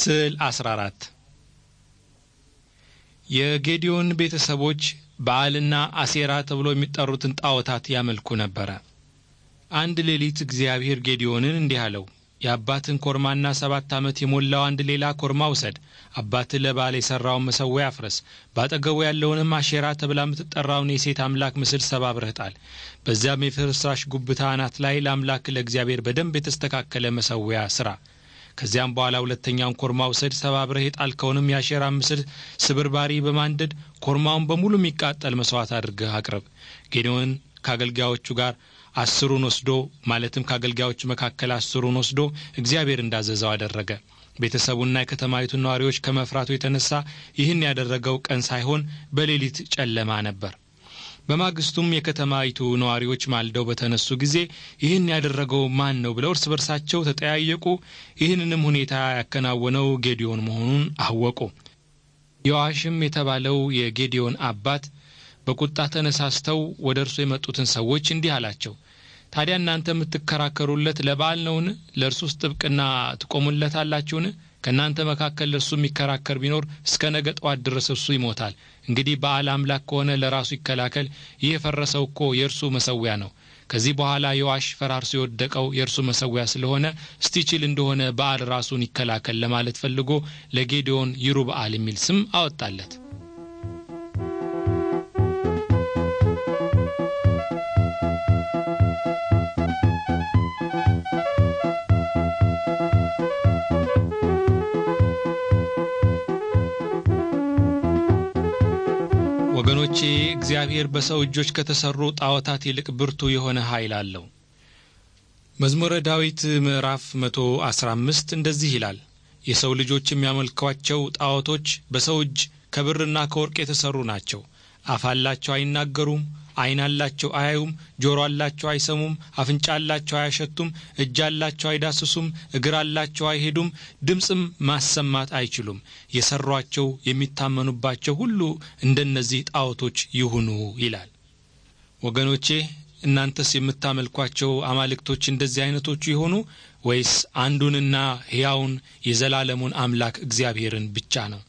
ስዕል 14 የጌዲዮን ቤተሰቦች በዓልና አሴራ ተብሎ የሚጠሩትን ጣዖታት ያመልኩ ነበረ። አንድ ሌሊት እግዚአብሔር ጌዲዮንን እንዲህ አለው፣ የአባትን ኮርማና ሰባት ዓመት የሞላው አንድ ሌላ ኮርማ ውሰድ። አባትህ ለባል የሠራውን መሠዊያ አፍረስ። በአጠገቡ ያለውንም አሼራ ተብላ የምትጠራውን የሴት አምላክ ምስል ሰባብረህ ጣል። በዚያም የፍርስራሽ ጉብታ አናት ላይ ለአምላክ ለእግዚአብሔር በደንብ የተስተካከለ መሠዊያ ሥራ። ከዚያም በኋላ ሁለተኛውን ኮርማ ውሰድ፣ ሰባብረህ የጣልከውንም የአሼራ ምስል ስብርባሪ በማንደድ ኮርማውን በሙሉ የሚቃጠል መስዋዕት አድርገህ አቅርብ። ጌዴዎን ከአገልጋዮቹ ጋር አስሩን ወስዶ ማለትም ከአገልጋዮቹ መካከል አስሩን ወስዶ እግዚአብሔር እንዳዘዘው አደረገ። ቤተሰቡና የከተማይቱን ነዋሪዎች ከመፍራቱ የተነሳ ይህን ያደረገው ቀን ሳይሆን በሌሊት ጨለማ ነበር። በማግስቱም የከተማይቱ ነዋሪዎች ማልደው በተነሱ ጊዜ ይህን ያደረገው ማን ነው ብለው እርስ በርሳቸው ተጠያየቁ። ይህንንም ሁኔታ ያከናወነው ጌዲዮን መሆኑን አወቁ። ዮአሽም የተባለው የጌዲዮን አባት በቁጣ ተነሳስተው ወደ እርሱ የመጡትን ሰዎች እንዲህ አላቸው ታዲያ እናንተ የምትከራከሩለት ለበዓል ነውን? ለእርሱስ ጥብቅና ትቆሙለታላችሁን? ከእናንተ መካከል ለእርሱ የሚከራከር ቢኖር እስከ ነገ ጠዋት ድረስ እርሱ ይሞታል። እንግዲህ በዓል አምላክ ከሆነ ለራሱ ይከላከል። ይህ የፈረሰው እኮ የእርሱ መሰዊያ ነው። ከዚህ በኋላ የዋሽ ፈራርሶ የወደቀው የእርሱ መሰዊያ ስለሆነ እስቲችል እንደሆነ በዓል ራሱን ይከላከል ለማለት ፈልጎ ለጌዲዮን በዓል የሚል ስም አወጣለት። ወገኖቼ እግዚአብሔር በሰው እጆች ከተሰሩ ጣዖታት ይልቅ ብርቱ የሆነ ኃይል አለው። መዝሙረ ዳዊት ምዕራፍ 115 እንደዚህ ይላል፣ የሰው ልጆች የሚያመልኳቸው ጣዖቶች በሰው እጅ ከብርና ከወርቅ የተሰሩ ናቸው፣ አፋላቸው አላቸው አይናገሩም፣ አይናላቸው አላቸው አያዩም፣ ጆሮ አላቸው አይሰሙም፣ አፍንጫ አላቸው አያሸቱም፣ እጅ አላቸው አይዳስሱም፣ እግር አላቸው አይሄዱም፣ ድምፅም ማሰማት አይችሉም። የሰሯቸው የሚታመኑባቸው ሁሉ እንደነዚህ ጣዖቶች ይሁኑ ይላል። ወገኖቼ እናንተስ የምታመልኳቸው አማልክቶች እንደዚህ አይነቶቹ የሆኑ ወይስ አንዱንና ሕያውን የዘላለሙን አምላክ እግዚአብሔርን ብቻ ነው?